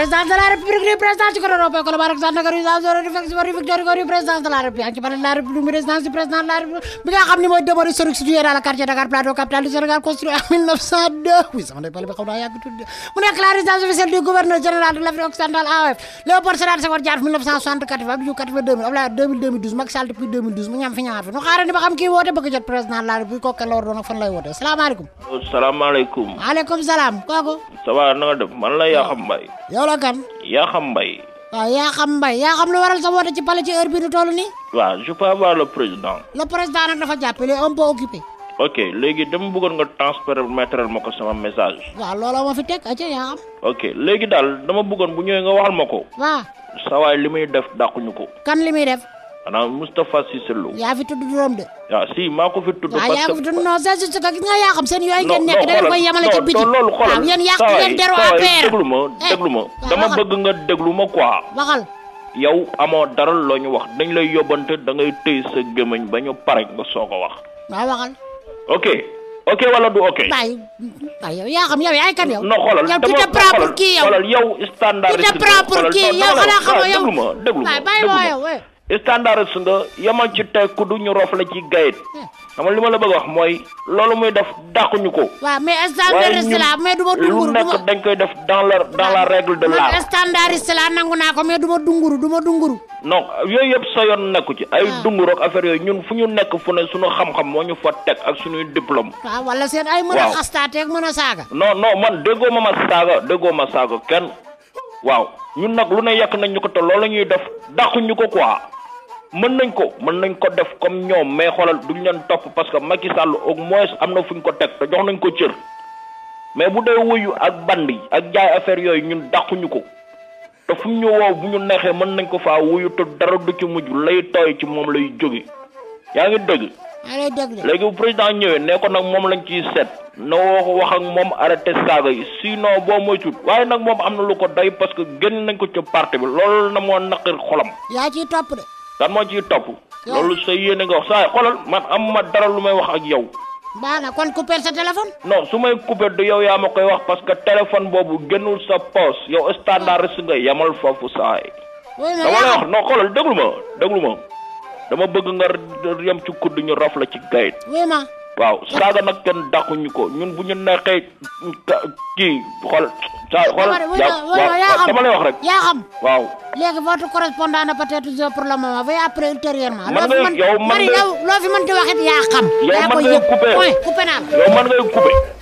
président de la république ni président ci kororo pe ko barak sa nagar yu sa zoro defek ci victoire ko président de la république ci baral la république mu résidence du président de la république bi nga xam ni mooy demeure historique situé dans le quartier Dakar Plateau capitale du Sénégal construit en 1902 oui sama ndey pale bi xaw naa yàgg tudd mu nekk la résidence officielle du gouverneur général de l'Afrique occidentale AOF Léopold Sédar Senghor Diatta 1964 ba ju 82 Abdoulaye 2012 Macky Sall depuis 2012 mu ñam fi ñaar fi nu xaarandi ba xam kii woote bëgg jot président de la république kooku la war doon ak fan lay woote salaamaaleykum salaamaaleykum waaleykum salaam kooku ça va na nga def man la yaa xam mbay wala ya yaa xam mbay waaw ah, yaa xam mbay yaa xam lu waral sa woote ci palais ci heure bi nu tollu ni wa je peux avoir le président le président dafa jàpp il est un peu ok légui dama bëggon nga transpermettre ma mako sama message wa lolo ma fi tek a ci ya xam ok légui dal dama bëggon bu ñëw nga waxal mako wa sa way li def dàquñu ko kan li def ana Mustafa sisselo Lo yaa fi tudd doom de ya si maa ko fi tudd ya, parce que yaa fi tudd non sa si ka nga yaa xam seen yooyu ngeen nekk da ngeen koy yamale ci biti loolu xoolal yéen yàq ngeen deru père deglu ma eh, deglu ma dama bëgg nga deglu ma quoi waxal yow amoo dara loo ñu wax dañ lay yobante da ngay tey sa gemeñ ba ñu pare nga soog a wax waaw waxal ok ok wala du ok bay bay yow ya xam yow yaay kan yow no xolal yow tu te prends pour qui yow xolal yow standard tu te prends pour qui yow xala xamo yow deglu ma deglu ma bay bay yow standard nga yemal ci tey kuddu ñu rof la ci gayet xam nga li ma la bëgg wax mooy loolu muy def dàquñu ko. waaw mais standardiste la mais du ma dunguru lu nekk dañ koy def dans la la règle de l'art. man standardiste naa ko mais du ma dunguru du ma dunguru. non yooyu yoon nekku ci. ay ah. dunguru ak affaire yooyu ñun fu ñu nekk fu ne suñu xam-xam moo ñu fa teg ak suñuy diplôme. waaw wala seen ay mën a xastaateeg mën a saaga. non non man déggoo ma ma saaga déggoo ma saaga kenn waaw ñun nag lu ne yàq nañ ñu ko te loolu la ñuy def dàquñu ko quoi. mën nañ ko mën nañ ko def comme ñoom may xoolal duñ leen topp parce que Macky Sall au moins am na fu ñu ko teg te jox nañ ko cër mais bu dee wuyu ak band yi ak jaay affaire yooyu ñun dàquñu ko te fu ñu woow bu ñu neexee mën nañ ko faa wuyu te dara du ci mujj lay tooy ci moom lay jóge yaa ngi dëgg. léegi bu président ñëwee ne ko nag moom lañ ciy seet na woo wax ak moom arrêté saaga yi sinon boo moytuwul waaye nag moom am na lu ko doy parce que génn nañ ko ca parti bi loolu na moo naqir xolam. yaa lan moo ciy topp. loolu sa yéene nga wax saa xoolal man am ma dara lu may wax ak yow. baax na kon couper sa téléphone. non su may couper du yow yaa ma koy wax parce que téléphone boobu gënul sa poche yow standard nga yamal foofu saay dama lay wax non xoolal déglu ma déglu ma dama bëgg nga yem ci kudd ñu raf la ci gayit ma waaw saaga nag kenn dàquñu ko ñun bu ñu neexee kii xool. saa xoolal dama lay wax rek. yaa xam waaw. léegi votre correspondant na peut être pour le moment veuillez après ultérieurement. man nga yow man nga loo fi mën loo fi yaa xam. yaa koy yëg point coupé naa la. man ngay coupé.